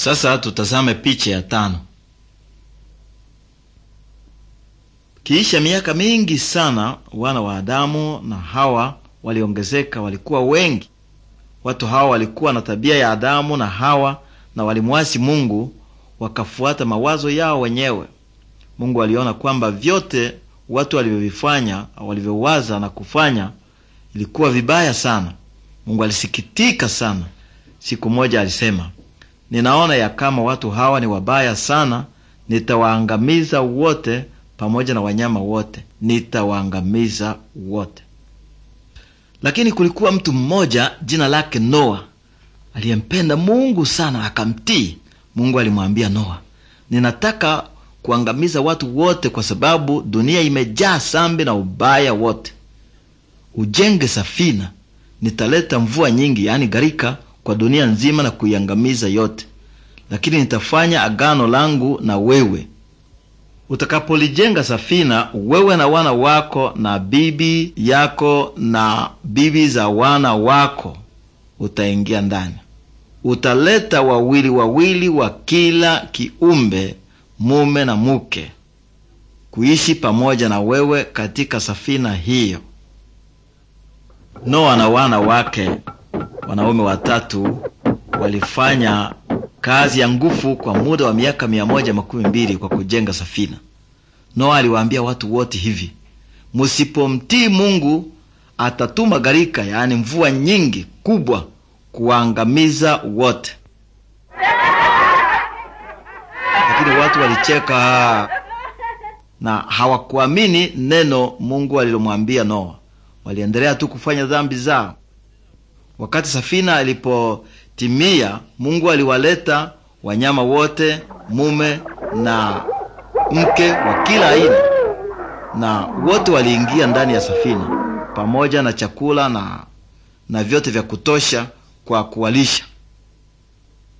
Sasa tutazame picha ya tano. Kiisha miaka mingi sana, wana wa Adamu na Hawa waliongezeka, walikuwa wengi. Watu hawa walikuwa na tabia ya Adamu na Hawa na walimwasi Mungu, wakafuata mawazo yao wenyewe. Mungu aliona kwamba vyote watu walivyovifanya walivyowaza na kufanya ilikuwa vibaya sana. Mungu alisikitika sana. Siku moja alisema ninaona ya kama watu hawa ni wabaya sana, nitawaangamiza wote pamoja na wanyama wote, nitawaangamiza wote. Lakini kulikuwa mtu mmoja jina lake Noa aliyempenda Mungu sana, akamtii Mungu. Alimwambia Noa, ninataka kuangamiza watu wote kwa sababu dunia imejaa sambi na ubaya wote. Ujenge safina, nitaleta mvua nyingi, yaani gharika, kwa dunia nzima na kuiangamiza yote lakini nitafanya agano langu na wewe utakapolijenga safina, wewe na wana wako na bibi yako na bibi za wana wako utaingia ndani. Utaleta wawili wawili wa kila kiumbe, mume na muke, kuishi pamoja na wewe katika safina hiyo. Noa na wana wake wanaume watatu walifanya kazi ya nguvu kwa muda wa miaka mia moja makumi mbili kwa kujenga safina. Noa aliwaambia watu wote hivi, musipomtii Mungu atatuma gharika, yaani mvua nyingi kubwa, kuangamiza wote. Lakini watu walicheka na hawakuamini neno Mungu alilomwambia Noa. Waliendelea tu kufanya dhambi zao. Wakati safina ilipo timia, Mungu aliwaleta wanyama wote, mume na mke wa kila aina, na wote waliingia ndani ya safina pamoja na chakula na na vyote vya kutosha kwa kuwalisha.